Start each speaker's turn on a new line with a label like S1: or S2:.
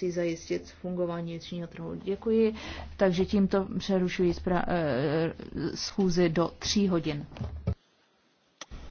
S1: si zajistit fungování vnitřního trhu. Děkuji, takže tímto přerušuji eh, schůzi do tří hodin.